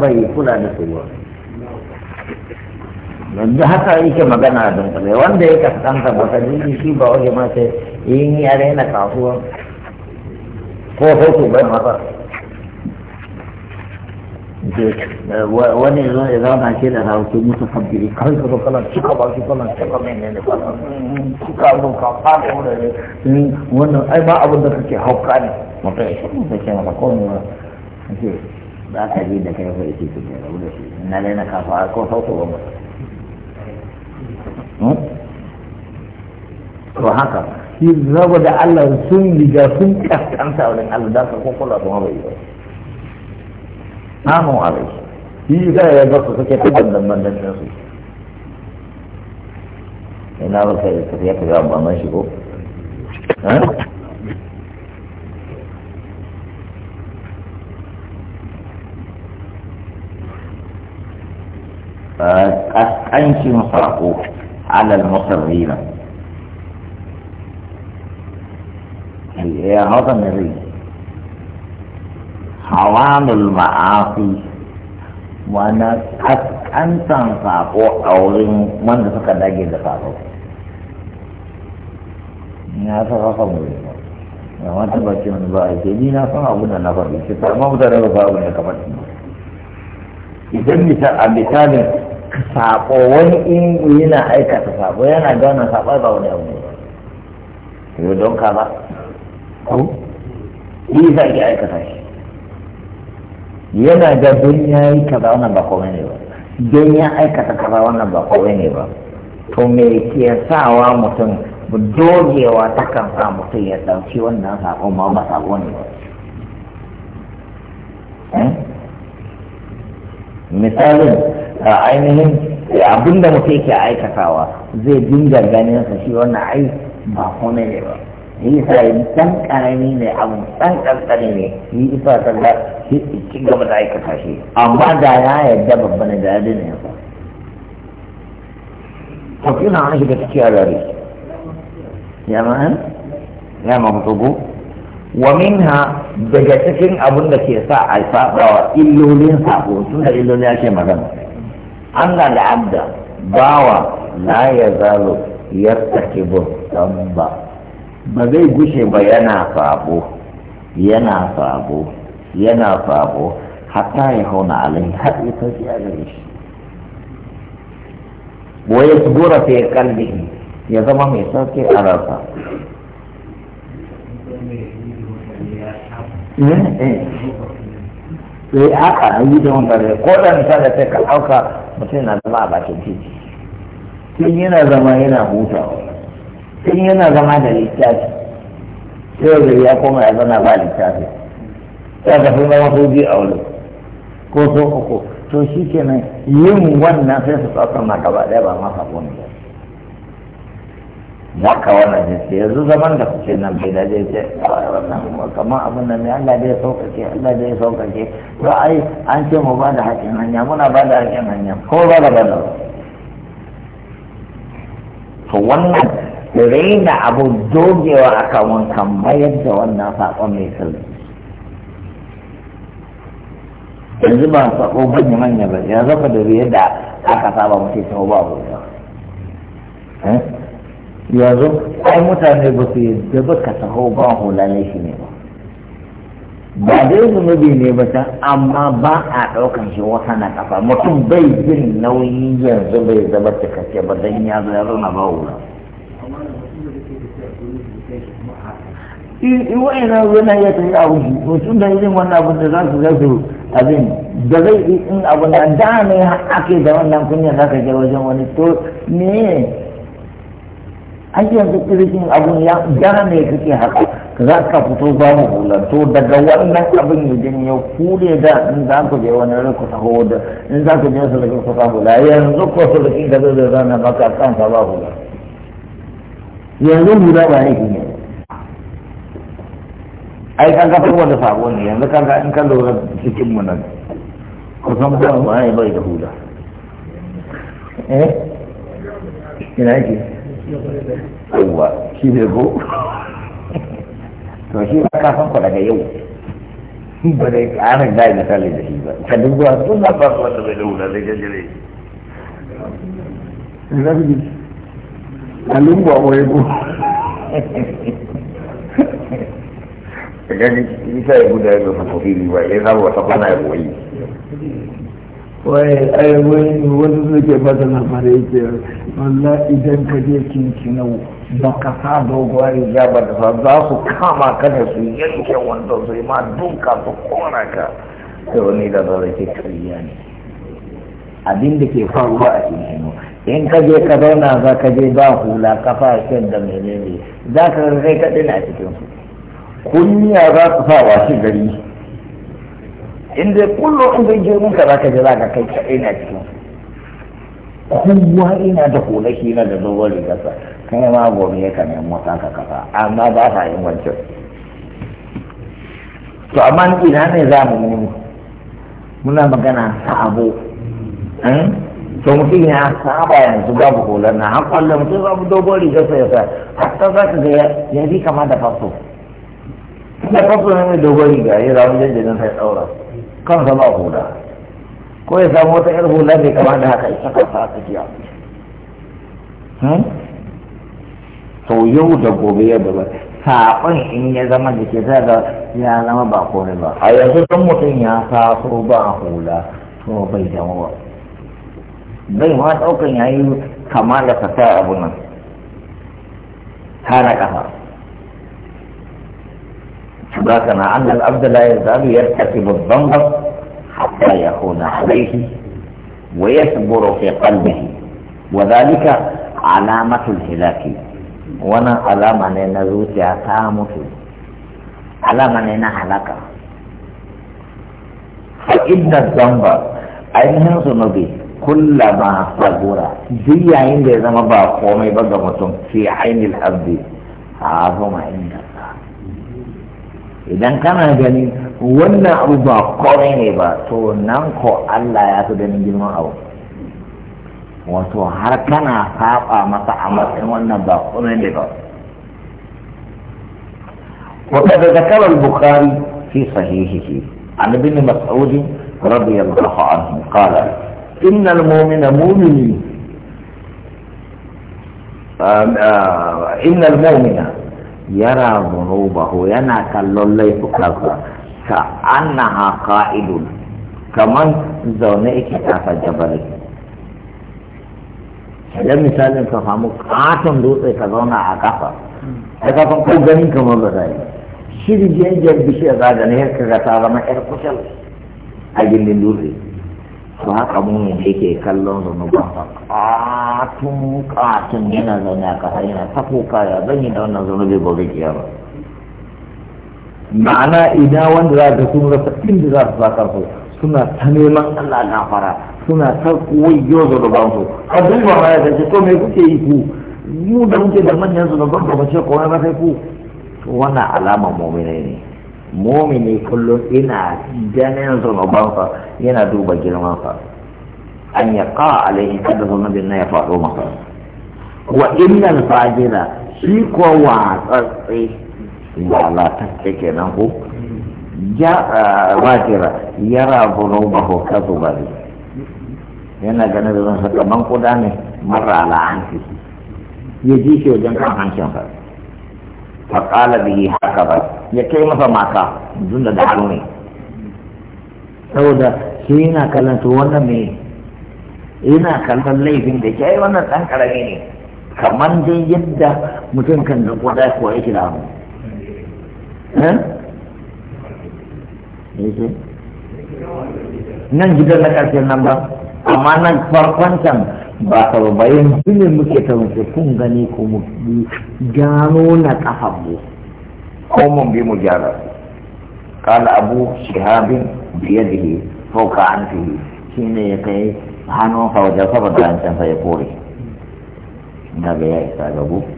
bai kula da tsoro yanzu haka yake magana a dunkule wanda ya kaskanta ba ta jini shi ba waje ma sai yin ya raina kasuwa ko hoto bai masa wani zo ya zauna da rahoto musu sabbiri kawai ka zo kalan cika ba su kalan cika mai ne ne kalan cika zo ka fada ne wannan ai ba abin da kake hauka ne mutum ya shi mutum ke masa komi za ka ji da kai fa ita ce rabu da shi na dai na kafa ko sauko ba mu hmm? to haka shi zaba da Allah sun riga sun kaskanta wurin Allah da ka kokola su ma bai ba namun alai shi da ya ga su suke ta dan dan dan su ina ba sai ka ya ta ga ban shi ko eh an sarko alal musarrina ya hausa ne rai hawanul ma'afi wana kaskantan sako a wurin wanda suka dage da sako ya saka kan wuri ba wata baki wani ba a ke ni na san abu da na faɗi ke sa ma mutane ba abin da ka faɗi idan misal a misalin sako wani in yana aikata sako yana ga wannan sako ba wani abu ne yau don ka ba ko yi za ki aikata shi yana ga don ya yi kaza wannan ba komai ne ba don ya aikata kaza wannan ba komai ne ba to me ke sawa mutum dogewa ta kan sa mutum ya ɗauki wannan sakon ma ba sako ne ba hmm? misalin a ainihin abinda mutum yake aikatawa zai dinga ganin sa shi wannan ai ba kone ne ba yi isa yi dan karami ne abu dan kankani ne yi isa sallah shi ci gaba da aikata shi amma da ya yadda babban da ya dina yasa to kina an shiga cikin alari ya ma'an ya ma eh? mutubu wa minha daga cikin abin da ke sa a saba illolin sabo sun da illolin ya ce magana Allah da abda bawa la ya zalo ya tsaki ba ba zai gushe ba yana sabo yana sabo yana sabo hatta ya hauna alai har yi ce a gare shi waye su fi sai ya zama mai sauki a rasa sai eh. eh, haka a yi da wanda zai ko da misali sai ka auka mutum na zama a bakin titi tun yana zama yana hutawa tun yana zama da littafi sai da ya koma ya zana ba littafi ya ka fi zama su biyu a wuri ko so uku to shi kenan yin wannan sai su ɗauka ma gaba ɗaya ba ma ka ne maka wannan jinsi yanzu zaman da kuke nan bai da zai ce wannan kamar abin nan ne Allah zai saukake Allah zai sauƙaƙe to ai an ce mu ba da haƙin hanya muna ba da haƙin hanya ko ba da ba da to wannan raina abu dogewa akan kan mayar da wannan saƙon mai sirri yanzu ba saƙo banyi manya ba yanzu ka da yadda aka saba mutum ta ba ba yanzu ai mutane ba su yadda ba ka taho ba hula shi ne ba ba dai zunubi ne ba can amma ba a ɗaukan shi wata na kafa mutum bai jin nauyi yanzu bai zama cikakke ba don ya zo ya zauna ba hula in ina yana ya tafi a wuce mutum da yin wannan abu da za su ga su abin da zai yi in abin da da ne ake da wannan kunya za ka je wajen wani to ne ai yanzu kirkin abun ya gane kake haka za ka fito za mu hulanto daga wannan abin ya janyo ku ne da in za ku je wani rin ku taho da in za ku je su rikin ku hula yanzu ko su rikin da zai zana maka kan ka ba hula yanzu hula ba ne ne ai kan ka wanda sabo ne yanzu kan ka in ka lura cikin mu nan san ba mu ai bai da hula eh ina yake yawa shi ne go to shi ba ka fanko daga yau ba dai ƙarin da misali da shi ba ka duk zuwa tun da ba su wanda bai da wula zai gajire rabi alin ba wai go ka gani isa ya guda ya zo fa kofi ba ya zama wata kwana ya koyi wai ai wani wani suke bada labarai yake walla idan ka je kinkinau ba ka sa doguwar riga ba da sa za su kama ka da su yanke wanda su yi ma duka su kona ka sai wani da zara ke kariya ne abin da ke faruwa a kinkinau in ka je ka zauna za ka je ba hula kafa shan da menene za ka kai kaɗai a cikin su kunya za su sa washe gari in dai kullo in bai girman ka zaka ji zaka kai ka ina cikin kowa ina da hula shi na da dogon rigarsa kai ma gobe ya kan yan wata ka kafa amma ba sa yin wancan to amma ina ne za mu yi muna magana sabo hmm? to mutum ya saba yanzu babu hular na har kwallo mutum babu dogon rigarsa ya sa hatta za ka ga ya bi kama da faso da faso ne mai dogon riga ya rawun jajjajin sai ɗaura kan zama hula ko ya samu wata yar hula mai kama da haka ita kansa a tsakiya hmm? to yau da gobe ya da saɓon in ya zama da ke da ya zama ba kone ba a yanzu don mutum ya taso ba hula to bai zama ba bai ma ɗaukan yayi kama da fasa abu nan hana ƙasa ما كان عن لا يزال يرتكب الذنب حتى يكون عليه ويثبر في قلبه وذلك علامة الهلاك وانا علامة لنا ذو تعتامك علامة لنا هلاك فإن الذنب أين ينظر به كلما صبر زي عين لذا ما بقومي بقى في عين الأبد عظم عندك idan kana gani wannan abu ba komai ne ba to nan ko Allah ya fi ganin girman abu wato har kana saba masa a matsayin wannan ba komai ne ba وقد ذكر البخاري في صحيحه عن ابن مسعود رضي الله عنه قال إن المؤمن مؤمن إن المؤمن yara zunubahu yana kallon laifuka ka annaha qa'idun kaman zaune yake kafa jabari idan misalin ka samu katon dutse ka zauna a kafa da kafin ko ganin kamar ba zai shirgin jan bishiyar zaga ne ka ga ta zama yar kushal a gindin dutse su haka mumin ke kallon a katun katun yana zaune a kasa yana ta kuka ya zan yi da wannan zunubi ba zai kiyama ma'ana idan wanda za ta sun rasa inda za su sa kansu suna ta neman Allah fara suna ta wayo zunubansu a duba ma ya zance to me kuke yi ku mu da muke da manyan zunuban ba ce ko wani ba sai ku to wannan alamar mu'minai ne mumini kullum ina ganin zunubansa yana duba girmansa an ya kawo alaihi kada zunubin na ya faɗo masa wa innan fajira shi ko watsatsi lalatacce nan ko ya fajira yara zunubahu ka zubari yana ganin zunubinsa kaman kuda ne mara la'anci ya ji shi wajen kan hancinsa faƙala yi haka ba ya kai masa maka zun da daru ne saboda shi yana kallon to wannan mai, yana kallon laifin da ke wannan ɗan ƙarami ne kamar dai yadda mutum kan da kwada kuwa yake da hannu nan gidan na ƙarshen nan ba amma nan farkon can ba ka ba bayan muke ta kun gani ko mu gano na kafan mu ko mun bi mu gyara kala abu shihabin ke fauka anfihi shine ya kai hannun fa wajen da an can ya kore daga ya isa gabu